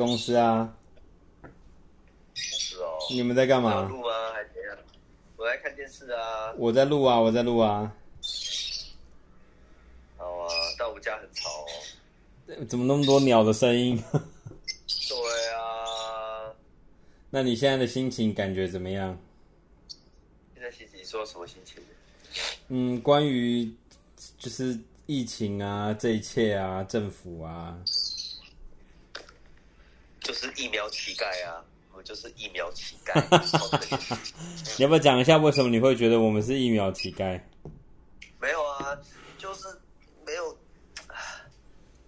公司啊，是哦。你們在幹嘛？錄啊，還是怎樣？我在看電視啊。我在錄啊，我在錄啊。好啊，到我家很吵哦。怎麼那麼多鳥的聲音？ 對啊。 那你現在的心情感覺怎麼樣？現在心情？你說什麼心情？嗯，關於就是疫情啊，這一切啊，政府啊。就是疫苗乞丐啊！我就是疫苗乞丐。 哦、你要不要講一下為什麼你會覺得我們是疫苗乞丐、嗯？沒有啊，就是沒有唉。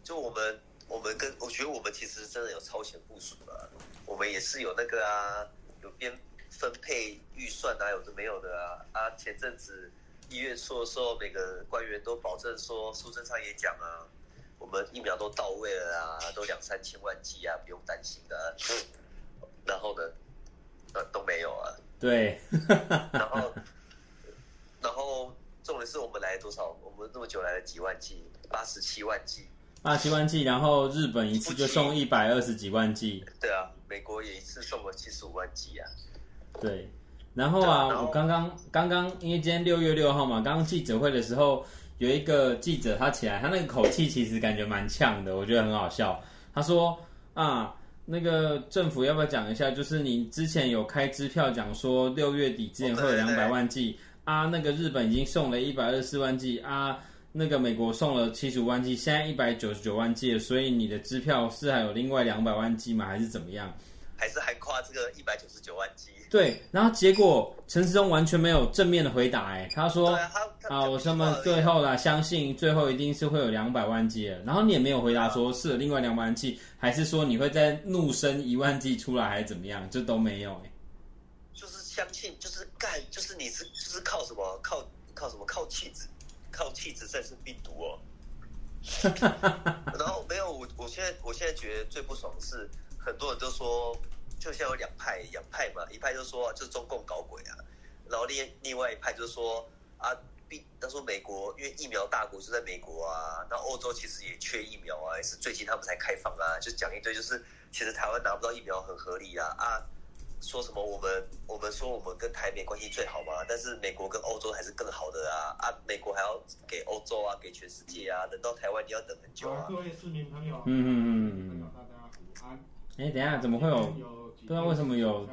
就我們，我們跟我覺得我們其實真的有超前部署了、啊。我們也是有那個啊，有編分配預算啊，有的沒有的啊。啊，前陣子醫院說的時候每個官員都保證說，蘇貞昌也講啊。我們疫苗都到位了啊，都兩三千萬劑啊，不用擔心的啊、嗯。然後呢，呃，都沒有啊。對。 然後，然後，重點是我們來了多少？我們這麼久來了幾萬劑，八十、啊、七萬劑。八十七萬劑，然後日本一次就送一百二十幾萬劑。對啊，美國也一次送了七十五萬劑啊。對。然後啊，啊，然後，我剛剛剛剛因為今天六月六號嘛，剛剛記者會的時候。有一個記者，他起來，他那個口氣其實感覺蠻嗆的，我覺得很好笑。他說：“啊，那個政府要不要講一下？就是你之前有開支票講說六月底之前會有兩百萬劑、哦、啊，那個日本已經送了一百二十四萬劑啊，那個美國送了七十五萬劑，現在一百九十九萬劑，所以你的支票是還有另外兩百萬劑嗎？還是怎麼樣？還是還誇這個一百九十九萬劑？”對，然後結果陳時中完全沒有正面的回答，哎，他說對啊，他他啊，我他們最後了，嗯、相信最後一定是會有兩百萬劑了。然後你也沒有回答說是另外兩百萬劑，還是說你會再怒生一萬劑出來，還是怎麼樣？這都沒有，哎，就是相信，就是乾，就是你是就是靠什麼？靠靠什麼？靠氣質？靠氣質戰勝病毒哦。 然後沒有，我我現在我現在覺得最不爽的是很多人都說。就像有兩派，兩派嘛，一派就說、啊、就是中共搞鬼啊，然後另另外一派就是說啊，比他說美國因為疫苗大國是在美國啊，那歐洲其實也缺疫苗啊，也是最近他們才開放啊，就講一堆就是其實台灣拿不到疫苗很合理啊啊，說什麼我們我們說我們跟台美關係最好嘛，但是美國跟歐洲還是更好的啊啊，美國還要給歐洲啊給全世界啊，等到台灣你要等很久啊。各位市民朋友，嗯嗯嗯，大家平安。哎，等一下怎麼會有？不知道為什麼有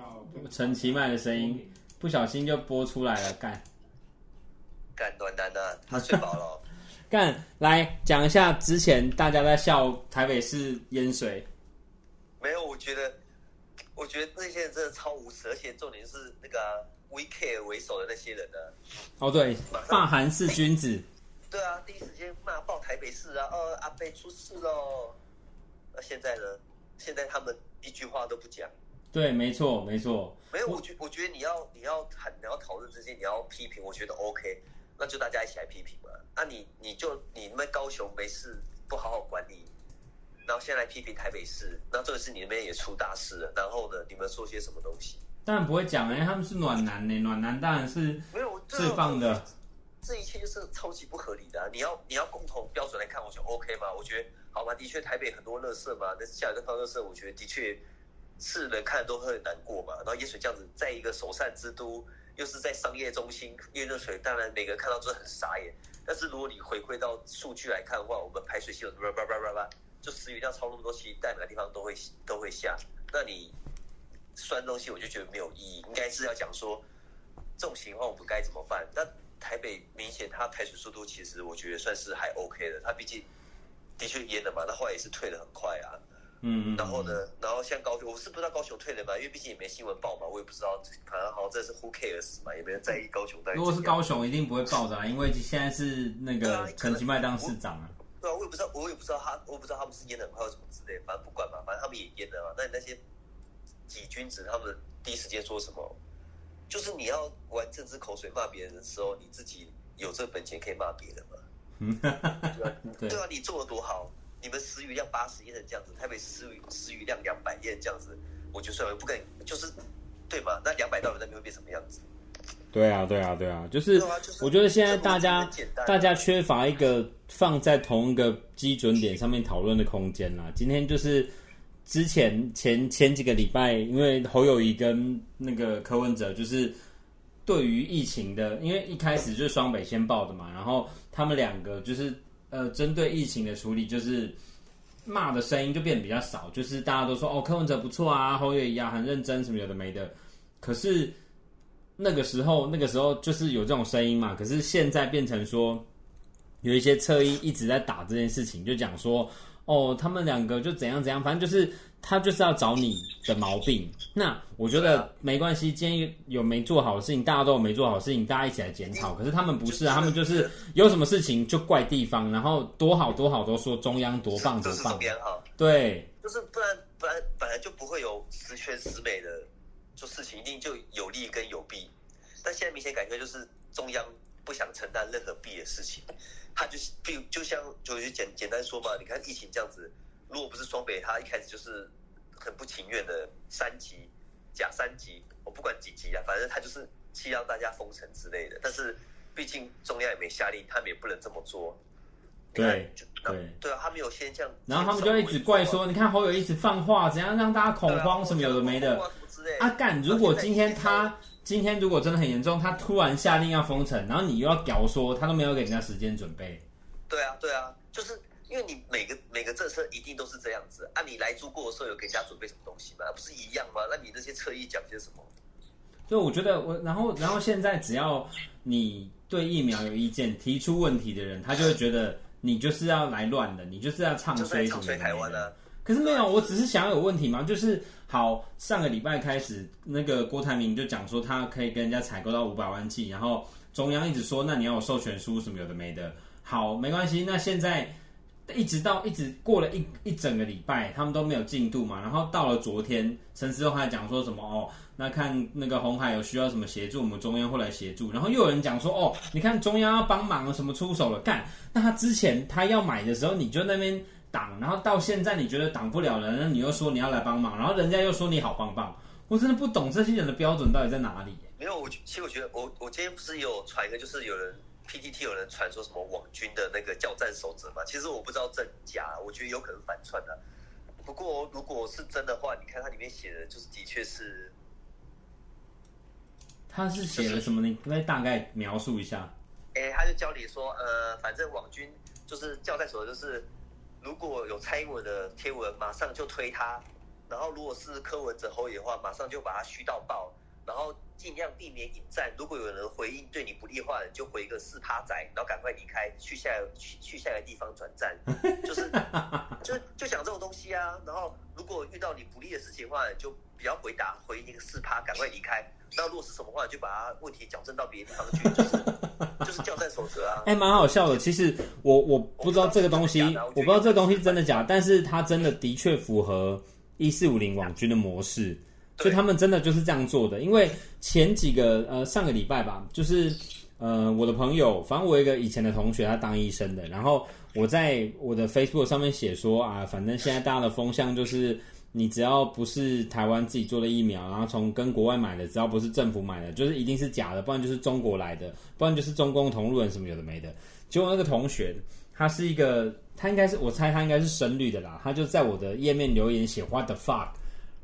陳其邁的聲音，不小心就播出來了。干干，暖男呢？他睡飽了，哦。 幹，來講一下之前大家在笑台北市淹水。沒有，我覺得，我覺得那些人真的超無恥，而且重點是那個 Wecare 為首的那些人呢。哦，對，罷韓四君子，哎。對啊，第一時間罵爆台北市啊！哦，阿北出事嘍。那，啊、現在呢？現在他們一句話都不講，對，沒錯，沒錯。沒有，我覺我覺得你要你要很，你要討論這些，你要批評，我覺得 OK，那就大家一起來批評吧。那、啊、你你就你們高雄沒事不好好管理，然後先來批評台北市，那這個是你那邊也出大事了，然後呢，你們說些什麼東西？當然不會講哎、欸，因為他們是暖男呢、欸，暖男當然是沒有最棒的這。這一切就是超級不合理的、啊，你要你要共同標準來看，我就 OK 嗎？我覺得。好吧，的確台北很多垃圾嘛，那下雨天放垃圾，我覺得的確是人看都會很難過嘛。然後淹水這樣子，在一個首善之都，又是在商業中心因為熱水，當然每個人看到都很傻眼。但是如果你回饋到數據來看的話，我們排水系統叭叭叭叭叭，就時雨量超那麼多，其實在哪個地方都會都會下。那你酸東西，我就覺得沒有意義，應該是要講說這種情況我們該怎麼辦。那台北明顯它排水速度其實我覺得算是還 OK 的，它畢竟。的確淹了嘛，那後來也是退的很快啊，嗯嗯，然後呢，然後像高雄，我是不知道高雄退了嘛，因為畢竟也沒新聞報嘛，我也不知道，反正好像真是 who cares 嘛，也沒人在意高雄。如果是高雄，一定不會爆炸，是因為現在是那個陳其邁當市長啊,啊。對啊，我也不知道，我也不知道他，我也不知道他們是淹的很快，什麼之類，反正不管嘛，反正他們也淹了嘛。那你那些幾君子他們第一時間說什麼？就是你要玩政治口水罵別人的時候，你自己有這本錢可以罵別人嗎？嗯，哈哈哈，對啊，你做的多好，你們私餘量八十人這樣子，台北私餘私餘量兩百人這樣子，我就算了，不跟，就是，對嗎？那兩百多人沒有變什麼樣子。對啊，對啊，對啊，就是，我覺得現在大家大家缺乏一個放在同一個基準點上面討論的空間啦。今天就是之前前前幾個禮拜，因為侯友宜跟那個柯文哲就是。對於疫情的，因為一開始就是雙北先報的嘛，然後他們兩個就是呃，針對疫情的處理，就是罵的聲音就變得比較少，就是大家都說哦，柯文哲不錯啊，侯友宜啊，很認真什麼有的沒的。可是那個時候，那個時候就是有這種聲音嘛，可是現在變成說有一些側翼一直在打這件事情，就講說。哦，他們兩個就怎樣怎樣，反正就是他就是要找你的毛病。那我覺得沒關係，今天有沒做好的事情，大家都有沒做好的事情，大家一起來檢討。可是他們不是啊，他們就是有什麼事情就怪地方，然後多好多好都說、嗯、中央多棒多棒。好對，就是不然不然本來就不會有十全十美的做事情，一定就有利跟有弊。但現在明顯感覺就是中央不想承擔任何弊的事情。他就是，比如就像，就就簡簡單說嘛，你看疫情這樣子，如果不是雙北，他一開始就是很不情願的三級，假三級，我不管幾級啊，反正他就是去讓大家封城之類的。但是，畢竟中央也沒下令，他們也不能這麼做。對，對，對啊，他們有先這樣，然後他們就一直怪說，對你看侯友一直放話，怎樣讓大家恐慌，啊、什麼有的沒的。阿幹、啊，啊、如果今天他今天如果真的很嚴重，他突然下令要封城，然後你又要屌說，他都沒有給人家時間準備。對啊，對啊，就是因為你每個每個政策一定都是這樣子。啊，你來租過的時候有給人家準備什麼東西嗎？不是一樣嗎？那你那些側翼講些什麼？就我覺得我，然後然後現在只要你對疫苗有意見、提出問題的人，他就會覺得。 你就是要來亂的，你就是要唱衰台灣的，的。可是沒有，我只是想要有問題嘛。就是好，上個禮拜開始，那個郭台銘就講說他可以跟人家採購到五百萬劑，然後中央一直說，那你要有授權書什麼有的沒的。好，沒關係，那現在。一直到一直過了一一整個禮拜，他們都沒有進度嘛。然後到了昨天，陳時中還講說什麼哦？那看那個鴻海有需要什麼協助，我們中央會來協助。然後又有人講說哦，你看中央要幫忙，有什麼出手了？幹？那他之前他要買的時候，你就那邊擋。然後到現在你覺得擋不了了，那你又說你要來幫忙，然後人家又說你好棒棒。我真的不懂這些人的標準到底在哪裡、欸。沒有，我其實我覺得，我我今天不是有傳一個，就是有人。PPT→PTT 有人傳說什麼網軍的那個教戰守則嘛？其實我不知道真假，我覺得有可能反串的。不過如果是真的話，你看它裡面寫的，就是的確是。他是寫了什麼呢？可以、就是、大概描述一下。誒、欸，他就教你說，呃，反正網軍就是教戰守則，就是如果有蔡英文的貼文，馬上就推他；然後如果是柯文哲侯爺的話，馬上就把他虛到爆。然後盡量避免引戰，如果有人回應對你不利的話，就回一個四趴仔，然後趕快離開，去下一個去去下一個地方轉戰， 就是就就講這種東西啊。然後如果遇到你不利的事情的話，就不要回答回一個四趴，趕快離開。那如果是什麼話，就把它問題矯正到別的地方去， 就是就是教戰守則啊。哎、欸，蠻好笑的。其實我我不知道、哦、這個東西，的的啊、我，我不知道這個東西真的假的，但是它真的的確符合一四五零網軍的模式。啊。所以他們真的就是這樣做的，因為前幾個呃上個禮拜吧，就是呃我的朋友，反正我一個以前的同學，他當醫生的，然後我在我的 Facebook 上面寫說啊，反正現在大家的風向就是，你只要不是台灣自己做的疫苗，然後從跟國外買的，只要不是政府買的，就是一定是假的，不然就是中國來的，不然就是中共同路人什麼有的沒的。結果那個同學，他是一個，他應該是，我猜他應該是深綠的啦，他就在我的頁面留言寫 What the fuck。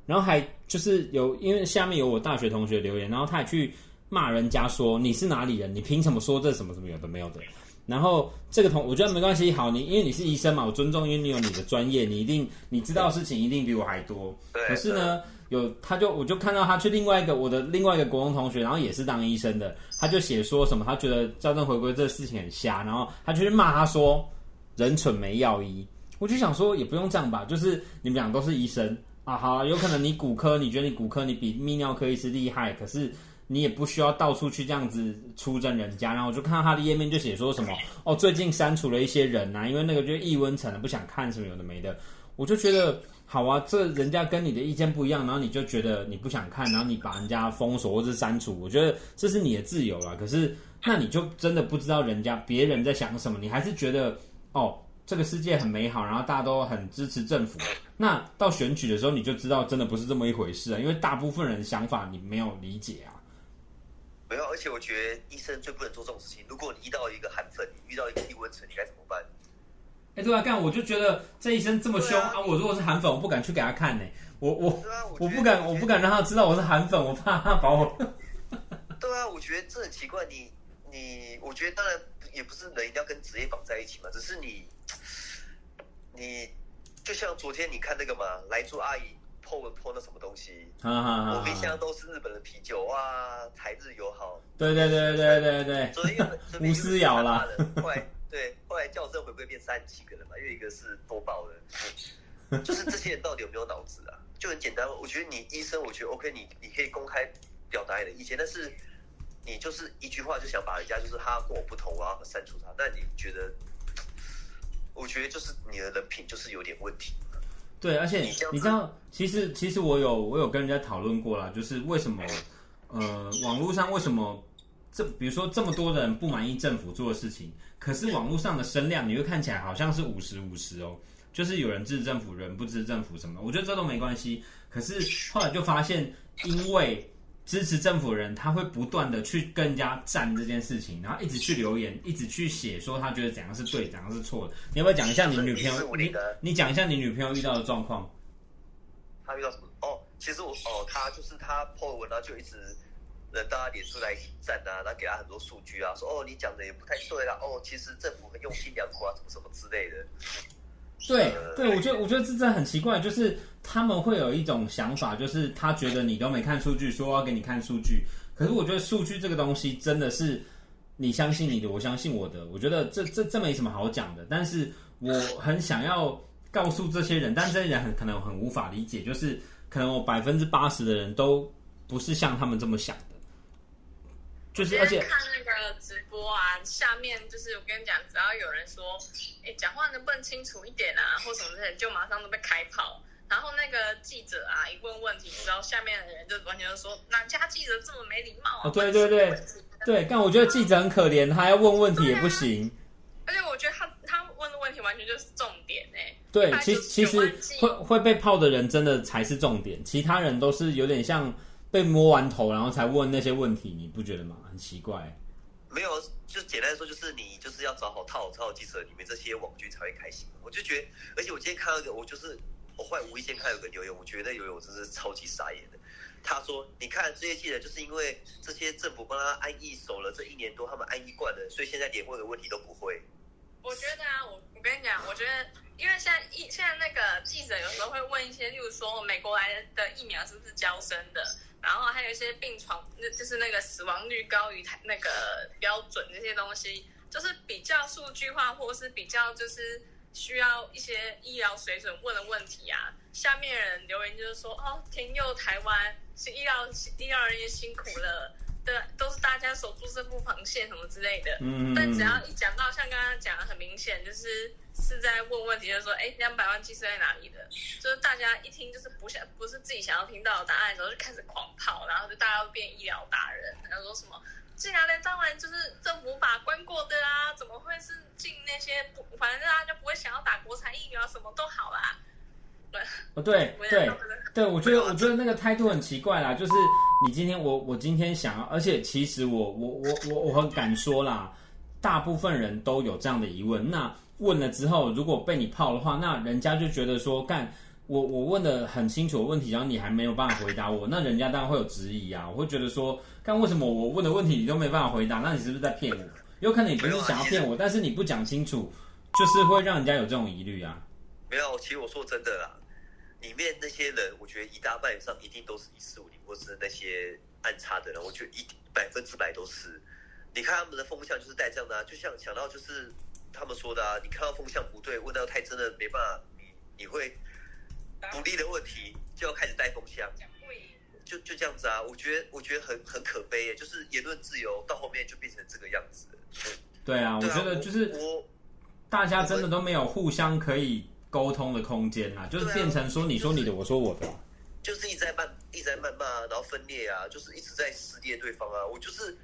然後還就是有，因為下面有我大學同學留言，然後他也去罵人家說，你是哪裡人，你憑什麼說這什麼什麼有的沒有的。然後這個同，我覺得沒關係，好，你因為你是醫生嘛，我尊重，因為你有你的專業，你一定你知道的事情一定比我還多。可是呢，有他就我就看到他去另外一個我的另外一個國中同學，然後也是當醫生的，他就寫說什麼他覺得校正回歸這事情很瞎，然後他就去罵他說人蠢沒藥醫，我就想說也不用這樣吧，就是你們倆都是醫生，啊，好啊，有可能你骨科，你覺得你骨科你比泌尿科醫師厲害，可是你也不需要到處去這樣子出征人家。然後我就看到他的頁面就寫說什麼哦，最近刪除了一些人吶、啊，因為那個就是異溫層不想看什麼有的沒的。我就覺得好啊，這人家跟你的意見不一樣，然後你就覺得你不想看，然後你把人家封鎖或是刪除，我覺得這是你的自由了、啊。可是那你就真的不知道人家別人在想什麼，你還是覺得哦。這個世界很美好，然後大家都很支持政府。那到選舉的時候，你就知道真的不是這麼一回事啊！因為大部分人的想法你沒有理解啊。沒有，而且我覺得醫生最不能做這種事情。如果你遇到一個韓粉，你遇到一個低溫層，你該怎麼辦？哎，對啊，幹我就覺得這醫生這麼凶啊，啊！我如果是韓粉，我不敢去給他看呢。我我、啊、我，我不敢，我，我不敢讓他知道我是韓粉，我怕他把我。對啊，我覺得這很奇怪，你。你我覺得當然也不是人一定要跟職業綁在一起嘛，只是你你就像昨天你看那個嘛，萊豬阿姨潑潑那什麼東西，我冰箱都是日本的啤酒啊，台日友好，對對對對對對，對，昨天因為胡思瑤啦，後來對後來叫聲會不會變三十七個人嘛？又一個是多包的，就是這些人到底有沒有腦子啊？就很簡單，我覺得你醫生，我覺得 OK，你你可以公開表達你的意見，但是。你就是一句話就想把人家，就是他跟我不同，啊，我要刪除他。但你覺得，我覺得就是你的人品就是有點問題。對，而且你，你知道，其實其實我有我有跟人家討論過啦，就是為什麼，呃，網絡上為什麼這比如說這麼多人不滿意政府做的事情，可是網絡上的聲量你會看起來好像是五十五十哦，就是有人支持政府，人不支持政府什麼，我覺得這都沒關係。可是後來就發現，因為。支持政府的人，他會不斷的去更加贊這件事情，然後一直去留言，一直去寫，說他覺得怎樣是對，怎樣是錯的。你要不要講一下你女朋友？你講一下你女朋友遇到的狀況。他遇到什麼？哦，其實我哦，他就是他 po 文了，就一直讓大家點出來贊啊，然後給他很多數據啊，說哦，你講的也不太對啦，哦，其實政府很用心良苦啊，什麼什麼之類的。對對，我覺得我覺得這真的很奇怪，就是他們會有一種想法，就是他覺得你都沒看數據，說要給你看數據，可是我覺得數據這個東西真的是你相信你的，我相信我的，我覺得這這這沒什麼好講的。但是我很想要告訴這些人，但這些人很可能很無法理解，就是可能我百分之八十的人都不是像他們這麼想的，就是而且。直播啊，下面就是我跟你講，只要有人說，哎、欸，講話能不能清楚一點啊，或什麼之類，就馬上都被開炮。然後那個記者啊，一問問題，然後下面的人就完全就說，哪家記者這麼沒禮貌啊？哦。對對對，對，但我覺得記者很可憐，他要問問題也不行。啊、而且我覺得他他問的問題完全就是重點誒、欸。對，其其實會會被炮的人真的才是重點，其他人都是有點像被摸完頭，然後才問那些問題，你不覺得嗎？很奇怪。沒有，就簡單的說，就是你就是要找好套、找好記者，你們這些網劇才會開心。我就覺得，而且我今天看到一個，我就是我壞無意間看到有個留言，我覺得有，我真是超級傻眼的。他說：“你看這些記者，就是因為這些政府幫他安逸守了這一年多，他們安逸慣了，所以現在連問的問題都不會。”我覺得啊，我我跟你講，我覺得。因為現在疫，現在那個記者有時候會問一些，例如說美國來的疫苗是不是嬌生的，然後還有一些病床，那就是那個死亡率高於台那個標準這些東西，就是比較數據化，或是比較就是需要一些醫療水準問的問題啊。下面人留言就是說，哦，天佑台灣，是醫療醫療人員辛苦了。對，都是大家守住政府防線什麼之類的。嗯，嗯。但只要一講到像剛剛講的，很明顯就是是在問問題，就是說：“哎，兩百萬劑是在哪裡的？”就是大家一聽就是不想，不是自己想要聽到的答案的時候，就開始狂炮，然後就大家都變醫療達人，然後說什麼？這樣的當然就是政府把關過的啊，怎麼會是進那些不，反正大家就不會想要打國產疫苗，什麼都好啦、啊。哦，對對對，我覺得我覺得那個態度很奇怪啦。就是你今天我我今天想要，而且其實我我我我我很敢說啦，大部分人都有這樣的疑問。那問了之後，如果被你泡的話，那人家就覺得說，幹我我問的很清楚的問題，然後你還沒有辦法回答我，那人家當然會有質疑啊。我會覺得說，幹為什麼我問的問題你都沒辦法回答？那你是不是在騙我？有可能你不是想要騙我，有但是你不講清楚，就是會讓人家有這種疑慮啊。沒有，其實我說真的啦。裡面那些人，我覺得一大半以上一定都是一四五零，或者是那些安插的人，我覺得一百分之百都是。你看他們的風向就是帶這樣的啊，就像想到就是他們說的啊，你看到風向不對，問到太真的沒辦法，你你會不利的問題就要開始帶風向，就就這樣子啊。我覺得我覺得很很可悲欸，就是言論自由到後面就變成這個樣子。對啊，我覺得就是我，大家真的都沒有互相可以。溝通的空間啊，就是變成說你說你的，啊就是、我說我的、啊，就是一直在慢，一直在慢慢啊，然後分裂啊，就是一直在撕裂對方啊。我就是，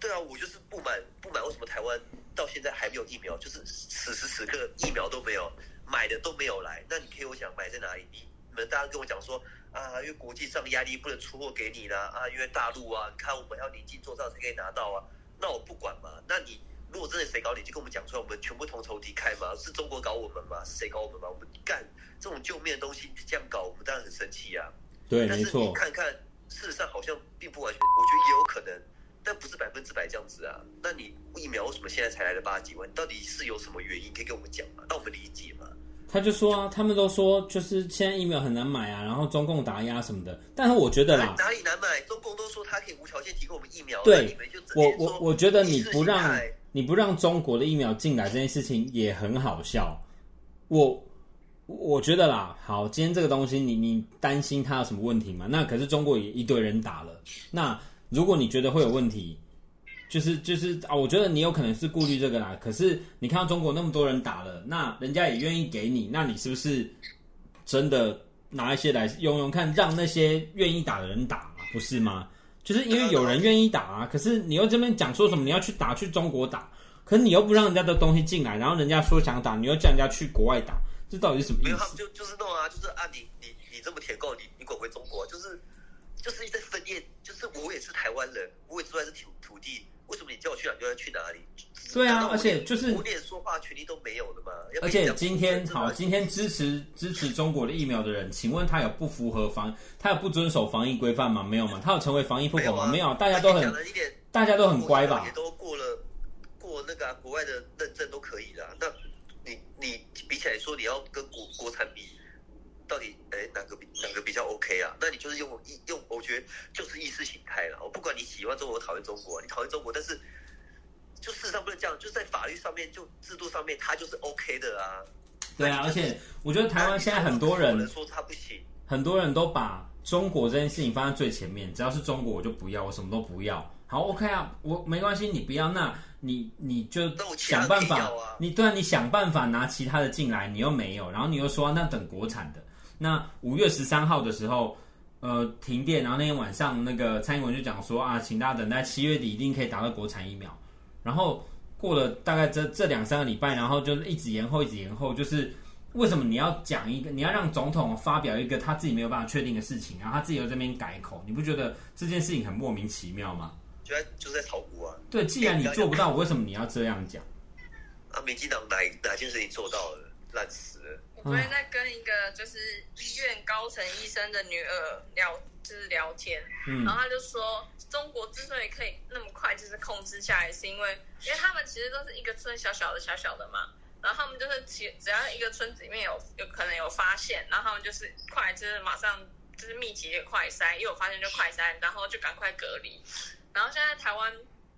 對啊，我就是不滿，不滿為什麼台灣到現在還沒有疫苗？就是此時此刻疫苗都沒有，買的都沒有來。那你可以我想買在哪裡？你，你們大家跟我講說啊，因為國際上壓力不能出貨給你啦啊，啊，因為大陸啊，你看我們要臨近做賬才可以拿到啊。那我不管嘛，那你。如果真的誰搞你，就跟我們講出來，我們全部同仇敵愾嘛。是中國搞我們嘛？是誰搞我們嘛？我們幹這種救命的東西你就這樣搞，我們當然很生氣啊。對，但是你看看，沒錯。事實上好像並不完全，我覺得也有可能，但不是百分之百這樣子啊。那你疫苗為什麼現在才來了八幾萬？到底是有什麼原因？可以跟我們講嗎？讓我們理解嘛。他就說啊，他們都說就是現在疫苗很難買啊，然後中共打壓什麼的。但是我覺得啦，哎，哪裡難買？中共都說他可以無條件提供我們疫苗，對，那你們就直接說。我，我，我覺得你不讓。你不讓中國的疫苗進來這件事情也很好笑，我我覺得啦，好，今天這個東西你，你你擔心它有什麼問題嗎？那可是中國也一堆人打了，那如果你覺得會有問題，就是就是啊、哦，我覺得你有可能是顧慮這個啦。可是你看到中國那麼多人打了，那人家也願意給你，那你是不是真的拿一些來用用看，讓那些願意打的人打，不是嗎？就是因為有人願意打啊，可是你又這邊講說什麼你要去打去中國打，可是你又不讓人家的東西進來，然後人家說想打，你又叫人家去國外打，這到底是什麼意思？沒有、啊，就就是那種啊，就是啊，你你你這麼舔狗，你你滾回中國，就是就是在分裂，就是我也是台灣人，我也住在這土土地。為什麼你叫我去哪就要去哪裡？對啊，而且就是我連說話的權利都沒有的嘛。而且今天好，今天、嗯、支持支持中國的疫苗的人， 請問他有不符合防他有不遵守防疫規範嗎？沒有嗎？他有成為防疫破口嗎？沒有嗎？沒有，大家都很大家都很乖吧？也都過了過那個、啊、國外的認證都可以了。那你你比起來說，你要跟國國產比？到底誒哪個比哪個比較 OK 啊？那你就是用意用，我覺得就是意識形態了。我不管你喜歡中國，我討厭中國，啊，你討厭中國，但是就事實上不能這樣，就在法律上面，就制度上面，它就是 OK 的啊。對啊，而且我覺得台灣現在很多人，有人說他不行，很多人都把中國這件事情放在最前面，只要是中國我就不要，我什麼都不要。好 OK 啊，我沒關係，你不要，那你你就想辦法，啊，你對啊，你想辦法拿其他的進來，你又沒有，然後你又說那等國產的。那五月十三號的時候，呃，停電，然後那天晚上那個蔡英文就講說啊，請大家等待七月底一定可以打到國產疫苗。然後過了大概這這兩三個禮拜，然後就一直延後，一直延後。就是為什麼你要講一個，你要讓總統發表一個他自己沒有辦法確定的事情，然後他自己又在這邊改口，你不覺得這件事情很莫名其妙嗎？就在就在逃鍋啊！對，既然你做不到，哎、為什麼你要這樣講？啊，民進黨哪哪件事情做到了，爛死了！昨天在跟一個就是醫院高層醫生的女兒聊，就是聊天，嗯，然後他就說，中國之所以可以那麼快就是控制下來，是因為因為他們其實都是一個村小小的小小的嘛，然後他們就是其，只要一個村子裡面有有可能有發現，然後他們就是快，就是馬上就是密集的快篩，一有發現就快篩，然後就趕快隔離，然後現在台灣。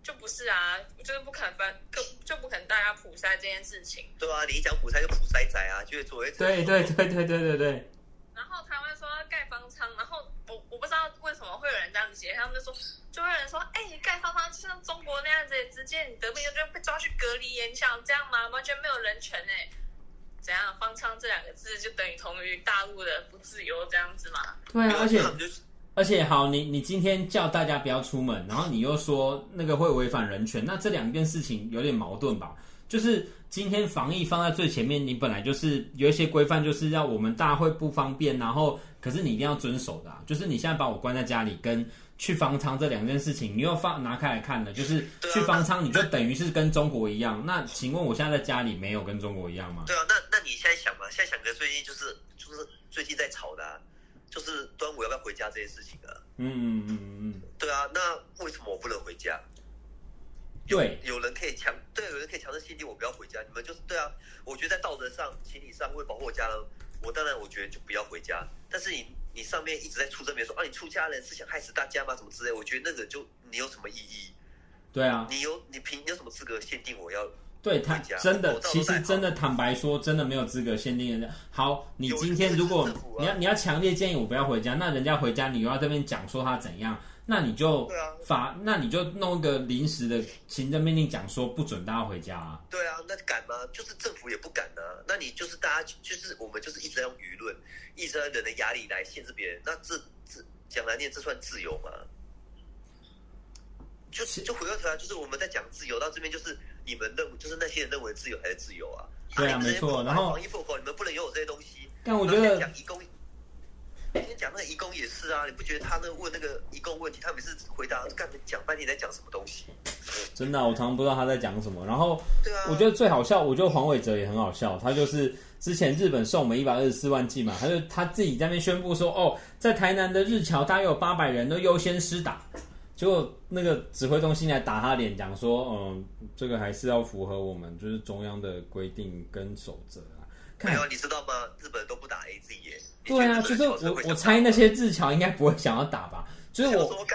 就不是啊，就是不肯分，就就不肯大家普篩這件事情。對啊，你一講普篩就普篩仔啊，就是所謂。對,對對對對對對對。然後台灣說要蓋方艙，然後我我不知道為什麼會有人這樣寫，他們就說，就會有人說，哎、欸，蓋方艙就像中國那樣子，直接你得病就被抓去隔離你想這樣嗎？完全沒有人權哎。怎樣，方艙這兩個字就等於同於大陸的不自由這樣子嘛？對啊，而且。而且而且好，你你今天叫大家不要出門，然後你又說那個會違反人權，那這兩件事情有點矛盾吧？就是今天防疫放在最前面，你本來就是有一些規範，就是要我們大家會不方便，然後可是你一定要遵守的啊。就是你現在把我關在家裡跟去方艙這兩件事情，你又放拿開來看的，就是去方艙，你就等於是跟中國一樣。那請問我現在在家裡沒有跟中國一樣嗎？對啊，那那你現在想嗎？現在想哥最近就是就是最近在吵的啊。就是端午要不要回家這件事情啊。嗯嗯嗯嗯。對啊，那為什麼我不能回家？對有，有人可以強，對啊，有人可以強制限定我不要回家。你們就是對啊，我覺得在道德上、情理上為保護我家人，我當然我覺得就不要回家。但是你你上面一直在出這邊說啊，你出家人是想害死大家嗎？什麼之類？我覺得那個就你有什麼意義？對啊，你有你憑你有什麼資格限定我要？對他真的，啊、其實真的坦白說，真的沒有資格限定人家。好，你今天如果、啊、你要你要強烈建議我不要回家，那人家回家，你又要這邊講說他怎樣，那你就罰對啊，罰那你就弄一個臨時的行政命令，講說不准大家回家、啊。對啊，那敢嗎？就是政府也不敢呢、啊。那你就是大家就是我們就是一直在用輿論，一直在人的壓力來限制別人。那這這講來念這算自由嗎？就是就回過頭來，就是我們在講自由到這邊就是。你們認就是那些人認為自由還是自由啊？對啊，沒錯。然後防疫破口：“幹你們不能擁有這些東西。”但我覺得講移工，今天講那個移工也是啊，你不覺得他那個問那個移工問題，他每次回答幹嘛？講半天在講什麼東西？真的、啊，我常常不知道他在講什麼。然後，對啊，我覺得最好笑，我覺得黃偉哲也很好笑。他就是之前日本送我們一百二十四萬劑嘛，他就他自己在那邊宣布說：“哦，在台南的日僑大約有八百人都優先施打。”結果那個指揮中心來打他臉，講說，嗯，這個還是要符合我們就是中央的規定跟守則啊。還有你知道嗎？日本都不打 AZ 耶。對啊，就是我我猜那些日僑應該不會想要打吧。就是我我，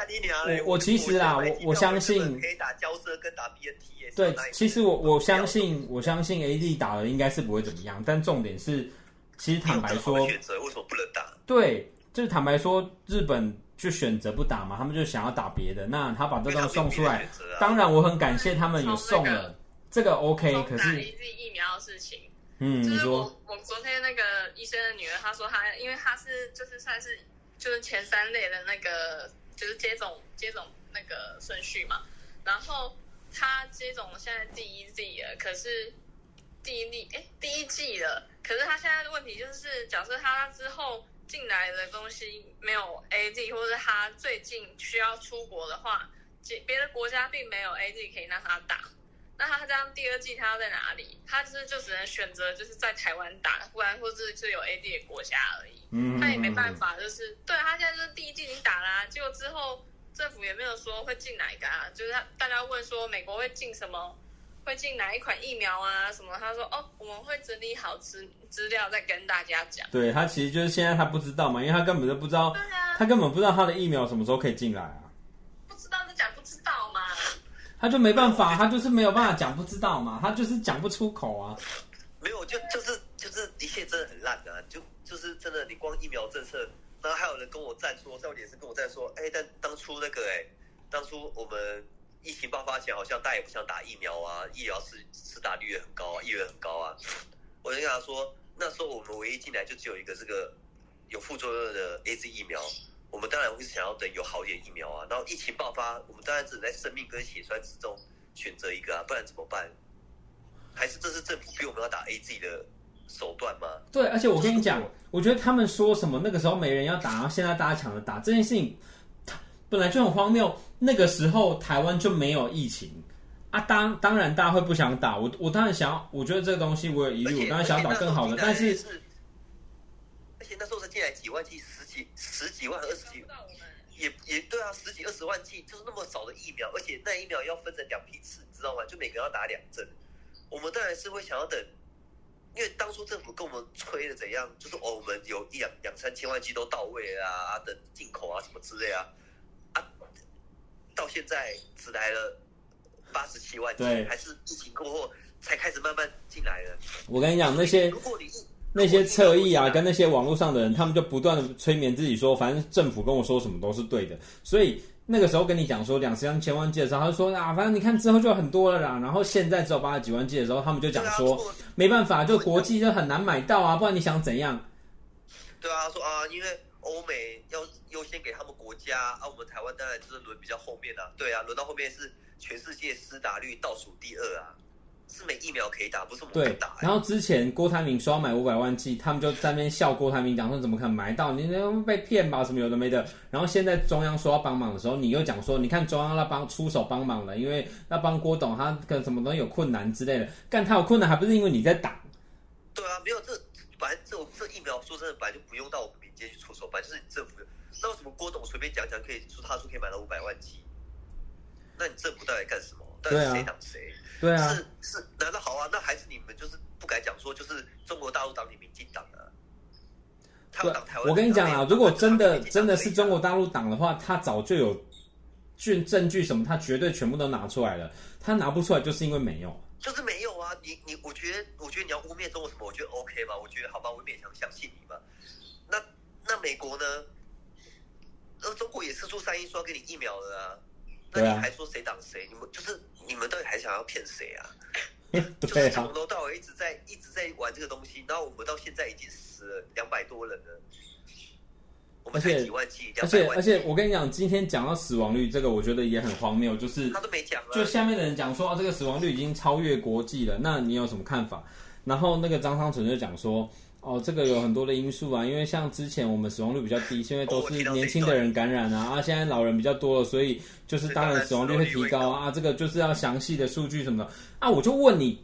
我其實啊，我我相信可以打嬌生跟打 B N T 耶，對，其實我我相信我相信 AZ 打了應該是不會怎麼樣，但重點是，其實坦白說，選擇為什麼不能打？對，就是坦白說日本。就選擇不打嘛，他們就想要打別的。那他把這個送出來，當然我很感謝他們也送了，那個，這個 OK。可是疫苗的事情，是嗯，就是我你說我昨天那個醫生的女兒，她說她因為她是就是算是就是前三類的那個就是接種接種那個順序嘛，然後她接種了現在第一劑了，可是第一例，哎，欸、第一劑了，可是她現在的問題就是，假設她之後。進來的東西沒有 AZ，或者他最近需要出國的話，別別的國家並沒有 AZ 可以讓他打。那他這樣第二季他要在哪裡？他就是就只能選擇就是在台灣打，不然或者是就有 AZ 的國家而已。他也沒辦法，就是對，他現在就是第一季已經打了啊，結果之後政府也沒有說會進哪一個啊，就是他，大家問說美國會進什麼？會進哪一款疫苗啊？什麼？他說：“哦，我們會整理好資資料再跟大家講。”對，對，他，其實就是現在他不知道嘛，因為他根本就不知道，啊、他根本不知道他的疫苗什麼時候可以進來啊。不知道就講不知道嘛。他就沒辦法，他就是沒有辦法講不知道嘛， 他就是講不出口啊。沒有，就就是就是一切真的很爛的、啊，就就是真的。你光疫苗政策，然後還有人跟我贊說，在我臉書跟我在說：“哎，但當初那個，哎，當初我們。”疫情爆發前，好像大家也不想打疫苗啊，疫苗施施打率也很高，啊，意願很高啊。我就跟他說，那時候我們唯一進來就只有一個這個有副作用的 AZ 疫苗，我們當然會想要等有好一點疫苗啊。然後疫情爆發，我們當然只能在生命跟血栓之中選擇一個、啊，不然怎麼辦？還是這是政府逼我們要打 AZ 的手段嗎？對，而且我跟你講，我，我覺得他們說什麼那個時候沒人要打，然後現在大家搶着打這件事情，本來就很荒謬。那個時候台灣就沒有疫情啊，當當然大家會不想打，我我當然想，我覺得這個東西我有疑慮，而且我當然想要打更好的，但是而且那時候才進來幾萬劑，十幾十幾萬、二十幾，我們也也對啊，十幾二十萬劑就是那麼少的疫苗，而且那疫苗要分成兩批次，你知道嗎？就每個要打兩針，我們當然是會想要等，因為當初政府跟我們催的怎樣，就是我們有一兩兩三千萬劑都到位啊，等進口啊，什麼之類啊。到現在只來了八十七萬劑，對，還是疫情過後才開始慢慢進來的。我跟你講，以那些你那些側翼啊，跟那些網絡上的人，他們就不斷的催眠自己說，反正政府跟我說什麼都是對的。所以那個時候跟你講說兩三千萬劑的時候，他就說啊，反正你看之後就很多了啦。然後現在只有八十幾萬劑的時候，他們就講說、啊、沒辦法，就國際就很難買到啊，嗯、不然你想怎樣？對啊，他說啊、呃，因為。歐美要優先給他們國家，啊，我們台灣當然就是輪比較後面啦，啊。對啊，輪到後面是全世界施打率倒數第二啊，是沒疫苗可以打，不是我們打。對，然後之前郭台銘說要買五百萬劑，他們就在那邊笑郭台銘，講說怎麼可能買到？你那邊被騙吧，什麼有的沒的。然後現在中央說要幫忙的時候，你又講說你看中央那幫出手幫忙了，因為那幫郭董他跟什麼東西有困難之類的。但他有困難，還不是因為你在打？對啊，沒有這反正這這疫苗說真的，本來就不用到。就是政府，那為什麼郭董隨便講講，可以說他說可以買到五百萬劑？那你政府到底幹什麼？但是誰誰對、啊？對啊，誰擋誰？對啊，是是，難道好啊，那還是你們就是不敢講說，就是中國大陸黨你民進黨的，他擋台灣。台我跟你講啊，如果真的、啊、真的是中國大陸黨的話，他早就有證證據什麼，他絕對全部都拿出來了。他拿不出來，就是因為沒有，就是沒有啊。你你，我覺得，我覺得你要汙衊中國什麼，我覺得 OK 吧？我覺得好吧，我勉強相信你吧。那。那美國呢？那中國也是出三億，說要給你疫苗了啊。那你還說誰擋誰？你們就是你們到底還想要騙誰啊？ 對啊就是從頭到尾一直在一直在玩這個東西。然後我們到現在已經死了兩百多人了。我們才幾萬劑，而且而且,而且我跟你講，今天講到死亡率這個，我覺得也很荒謬。就是他都沒講，就下面的人講說、嗯、啊，這個死亡率已經超越國際了。那你有什麼看法？然後那個張昌純就講說。哦，這個有很多的因素啊，因為像之前我們死亡率比較低，現在都是年輕的人感染啊，哦、啊，現在老人比較多了，所以就是當然死亡率會提高啊。這個就是要詳細的數據什麼的啊，我就問你，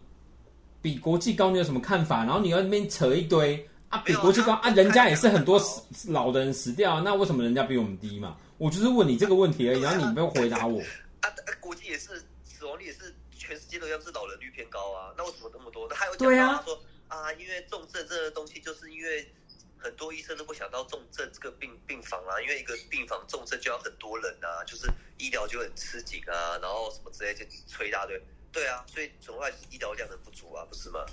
比國際高你有什麼看法？然後你要那邊扯一堆啊，比國際高啊，人家也是很多老的人死掉，啊。那為什麼人家比我們低嘛？我就是問你這個問題而已，然後你沒有回答我啊，國際也是死亡率也是全世界都要是老人率偏高啊，那為什麼那麼多？的還有講說。對啊啊，因為重症這個東西，就是因為很多醫生都不想到重症這個病病房啊。因為一個病房重症就要很多人啊，就是醫療就很吃緊啊，然後什麼之類就吹一大堆，對啊，所以總歸醫療量的不足啊，不是嗎？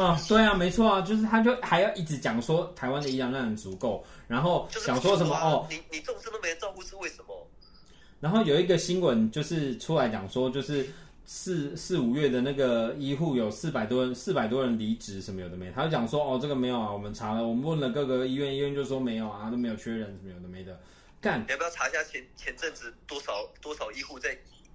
啊，對啊，沒錯啊，就是他就還要一直講說台灣的醫療量很足夠，然後想說什麼、啊、哦，你你重症都沒人照顧是為什麼？然後有一個新聞就是出來講說，就是。四四五月的那個醫護有四百多人，四百多人離職什麼有的沒，他就講說哦，這個沒有啊，我們查了，我們問了各個醫院，醫院就說沒有啊，都沒有缺人什麼有的沒的。幹，你要不要查一下前前陣子多少多少醫護在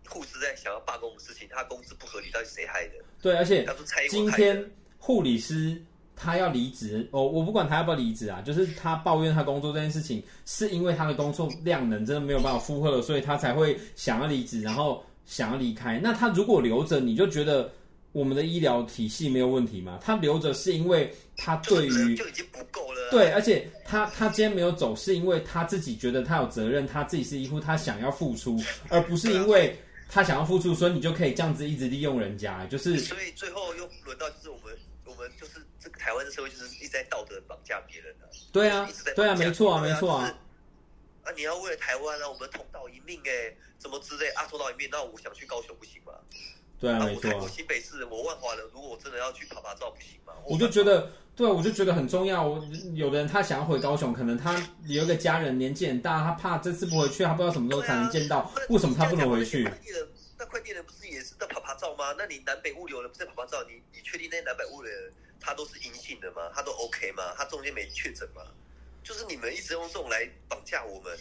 護士在想要罷工的事情，他工資不合理，到底誰害的？對，而且今天護理師他要離職，哦，我不管他要不要離職啊，就是他抱怨他工作這件事情是因為他的工作量能真的沒有辦法負荷了，所以他才會想要離職，然後。想要離開，那他如果留着，你就覺得我們的醫療體系沒有問題嗎？他留着是因為他對於就，就已經不夠了啊。對，而且他他今天沒有走，是因為他自己覺得他有責任，他自己是醫護，他想要付出，而不是因為他想要付出，所以你就可以這樣子一直利用人家，就是所以最後又輪到就是我們我們就是這個台灣的社會就，就是一直在道德綁架別人了。對啊，對啊，沒錯啊，沒錯啊。那、啊、你要為了台灣啊，讓我們同島一命哎，怎麼之類啊？同島一命，那我想去高雄不行嗎？對啊，沒錯。啊、我台北新北市我萬華人，如果我真的要去趴趴走，不行嗎？我就覺得，對啊，我就覺得很重要。我有的人他想要回高雄，可能他有一個家人年紀很大，他怕這次不回去，他不知道什麼時候才能見到。啊、為什麼他不能回去？那快遞人不是也是在趴趴走嗎？那你南北物流的不是趴趴走？你你確定那南北物流人他都是陰性的嗎？他都 OK 嗎？他中間沒確診嗎？就是你們一直用這種來綁架我們，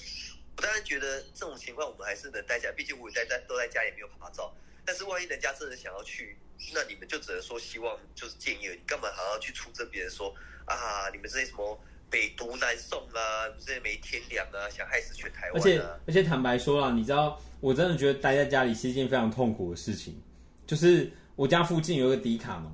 我當然覺得這種情況我們還是能待下，畢竟我也待在都在家也沒有趴趴走。但是萬一人家真的想要去，那你們就只能說希望就是建議，你幹嘛還要去出征別人說啊？你們這些什麼北毒南送啊，你們這些沒天良啊，想害死全台灣、啊。而且而且坦白說啊，你知道我真的覺得待在家裡是一件非常痛苦的事情。就是我家附近有一個迪卡儂。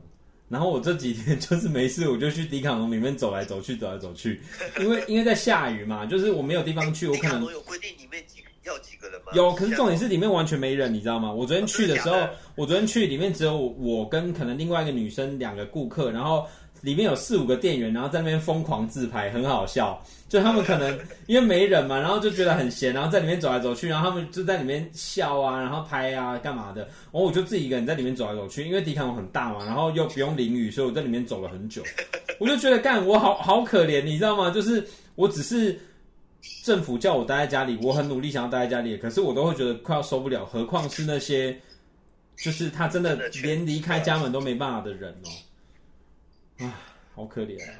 然後我這幾天就是沒事，我就去迪卡儂裡面走來走去，走來走去。因為因為在下雨嘛，就是我沒有地方去，我可能。有規定裡面幾要幾個人嗎？有，可是重點是裡面完全沒人，你知道嗎？我昨天去的時候，我昨天去裡面只有我跟可能另外一個女生兩個顧客，然後。裡面有四五個店員，然後在那邊瘋狂自拍，很好笑。就他們可能因為沒人嘛，然後就覺得很閒，然後在裡面走來走去，然後他們就在裡面笑啊，然後拍啊，幹嘛的。哦，然後我就自己一個人在裡面走來走去，因為迪卡儂很大嘛，然後又不用淋雨，所以我在裡面走了很久。我就覺得幹我好好可憐，你知道嗎？就是我只是政府叫我待在家裡，我很努力想要待在家裡，可是我都會覺得快要受不了。何況是那些就是他真的連離開家門都沒辦法的人哦、喔。啊，好可憐、哦！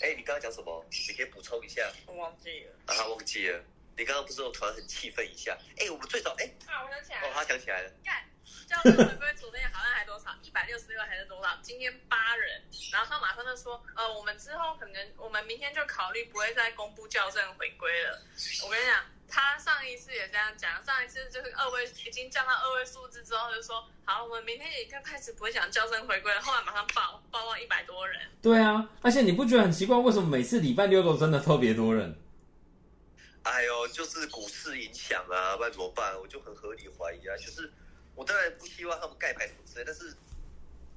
哎、欸，你剛剛講什麼？你可以補充一下，我忘記了。啊，忘記了。你剛剛不是突然很氣憤一下？哎、欸，我們最早哎、突然、欸啊，我想起來了。哦，他想起來了。校正回歸組的好像還多少？一百六十六還是多少？今天八人。然後他馬上就說，呃，我們之後可能，我們明天就考慮不會再公布校正回歸了。我跟你講。他上一次也這樣講，上一次就是二位已經降到二位數字之後，就說好，我們明天也剛開始不會講叫聲回歸，後來馬上爆爆到一百多人。對啊，而且你不覺得很奇怪？為什麼每次禮拜六都真的特別多人？哎呦，就是股市影響啊，不然怎麼辦？我就很合理懷疑啊，就是我當然不希望他們蓋牌投資，但是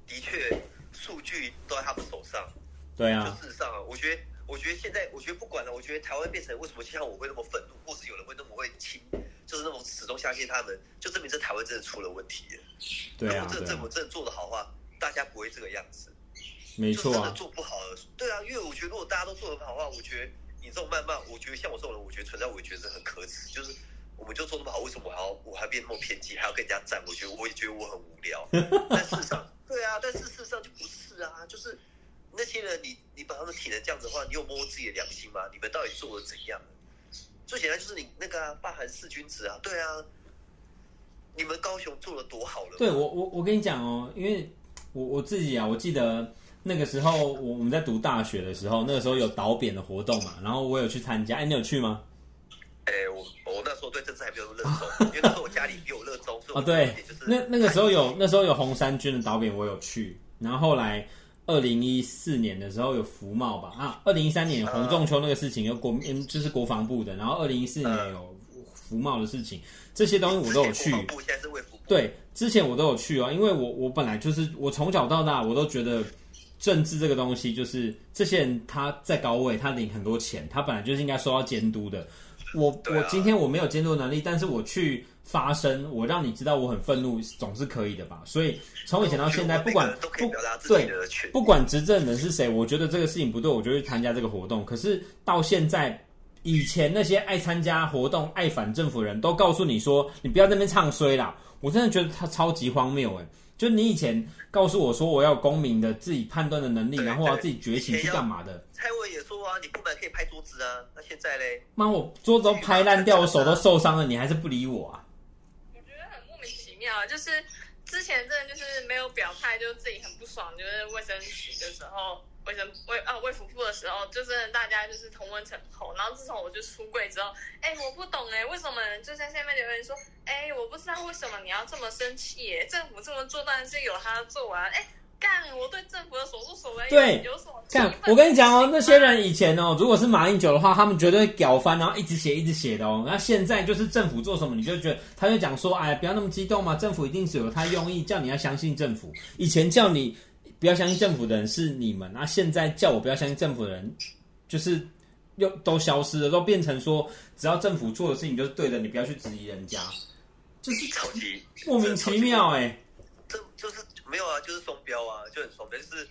的確數據都在他們手上。對啊，就事實上啊，我覺得。我覺得現在，我覺得不管了。我覺得台灣變成為什麼像我會那麼憤怒，或是有人會那麼會親，就是那種始終相信他們，就證明這台灣真的出了問題了。對啊，如果這政府真的做得好的話，大家不會這個樣子。沒錯啊。就真的做不好的。對啊，因為我覺得如果大家都做得不好的話，我覺得你這種謾罵，我覺得像我這種人，我覺得存在，我覺得是很可恥。就是我們就做那麼好，為什麼我還要我還變那麼偏激，還要跟人家戰？我覺得我也覺得我很無聊。 但事實上，對啊，但是事實上就不是啊，就是。那些人，你你把他們挺成這樣子的話，你有摸自己的良心嗎？你們到底做了怎樣？最簡單就是你那個啊、罷韓四君子啊，對啊，你們高雄做的多好了。對我，我我跟你講哦、喔，因為我我自己啊，我記得那個時候我我們在讀大學的時候，那個時候有倒扁的活動嘛，然後我有去參加。哎、欸，你有去嗎？哎、欸，我我那時候對政治還沒有熱衷， 因為那時候我家裡有熱衷。啊、就是，對，那那個時候有那時候有紅衫軍的倒扁，我有去，然後後來。二零一四年的時候有服貿吧，啊，二零一三年洪仲丘那個事情有國、嗯嗯，就是國防部的，然後二零一四年有服貿的事情，這些東西我都有去。國防部現在是衛福部。對，之前我都有去啊、哦，因為我我本來就是我從小到大我都覺得政治這個東西就是這些人他在高位，他領很多錢，他本來就是應該受到監督的。我、啊、我今天我沒有監督能力，但是我去發聲，我讓你知道我很憤怒，總是可以的吧？所以從以前到現在，不管不對，不管執政人是誰，我覺得這個事情不對，我就去參加這個活動。可是到現在，以前那些愛參加活動、愛反政府人都告訴你說，你不要在那邊唱衰啦！我真的覺得他超級荒謬誒，就你以前告訴我說，我要公民的自己判斷的能力，然後我要自己覺醒是幹嘛的？蔡英文也說啊，你本來可以拍桌子啊，那現在呢？媽，我桌子都拍爛掉，我手都受傷了，你還是不理我啊？就是之前真的就是沒有表態，就是自己很不爽，就是衛生局的時候，衛生衛啊衛福部的時候，就是大家就是同溫層吼。然後自從我就出櫃之後，哎，我不懂哎，為什麼就在下面留言說，哎，我不知道為什麼你要這麼生氣，哎，政府這麼做當然是有他的作為、啊，哎。幹，我對政府的所作所為，對，有所幹。我跟你講哦，那些人以前哦，如果是馬英九的話，他們絕對會屌翻，然後一直寫一直寫的哦。那現在就是政府做什麼，你就覺得他就講說，哎，不要那麼激動嘛，政府一定是有他用意，叫你要相信政府。以前叫你不要相信政府的人是你們，那現在叫我不要相信政府的人，就是又都消失了，都變成說，只要政府做的事情就是對的，你不要去質疑人家，就是莫名其妙哎、欸，這，這就是。沒有啊，就是雙標啊，就很雙標，就是，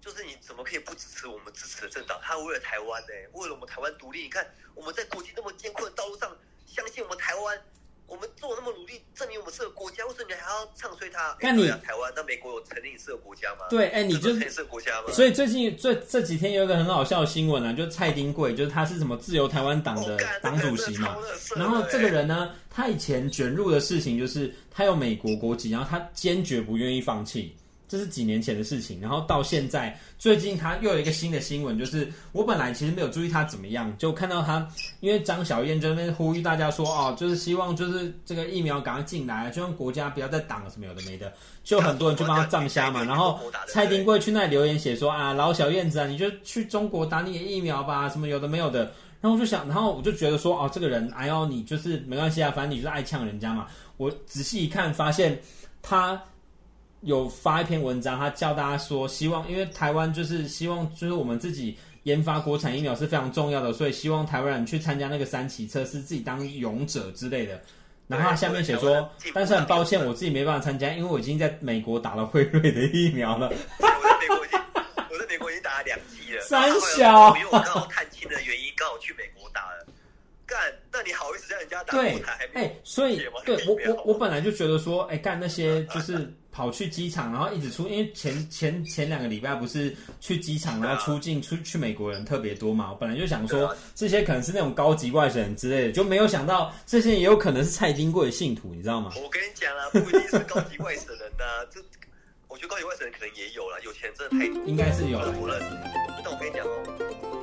就是你怎麼可以不支持我們支持的政黨？他為了台灣呢、欸，為了我們台灣獨立，你看我們在國際這麼艱苦的道路上，相信我們台灣。我們做那麼努力證明我們是個國家，為什麼你還要唱衰它？那你台灣？那美國有承認你是個國家嗎？對，哎、欸，你就承認是國家嗎？所以最近最這，這幾天有一個很好笑的新聞啊，就是、蔡丁貴，就是他是什麼自由台灣黨的黨主席嘛。哦這個、然後這個人呢，他以前捲入的事情就是他有美國國籍，然後他堅決不願意放棄。這是幾年前的事情，然後到現在，最近他又有一個新的新聞，就是我本來其實沒有注意他怎麼樣，就看到他，因為張小燕就在那邊呼籲大家說，哦，就是希望就是這個疫苗趕快進來，就讓國家不要再擋了什麼有的沒的，就很多人就幫他贊聲嘛，然後蔡丁貴去那裡留言寫說啊，老小燕子啊，你就去中國打你的疫苗吧，什麼有的沒有的，然後我就想，然後我就覺得說，哦，這個人，哎呦你就是沒關係啊，反正你就是愛嗆人家嘛，我仔細一看發現他。有發一篇文章，他叫大家說希望，因為台灣就是希望，就是我們自己研發國產疫苗是非常重要的，所以希望台灣人去參加那個三期測試，自己當勇者之類的。然後他下面寫說，但是很抱歉，我自己沒辦法參加，因為我已經在美國打了輝瑞的疫苗了。我在美國已經，我在美國已經打了兩劑了。三小，因為我剛好探親的原因，剛好去美國打了。幹。那你好意思在人家打台？哎，所以對我我我本來就覺得說，哎，幹那些就是跑去機場，然後一直出，因為前前前兩個禮拜不是去機場然後出境出去美國人特別多嘛，我本來就想說這些可能是那種高級外省人之類的，就沒有想到這些也有可能是蔡丁貴的信徒，你知道嗎？我跟你講了，不一定是高級外省人的，這我覺得高級外省人可能也有了，有錢真的太多，應該是有了。但我跟你講哦。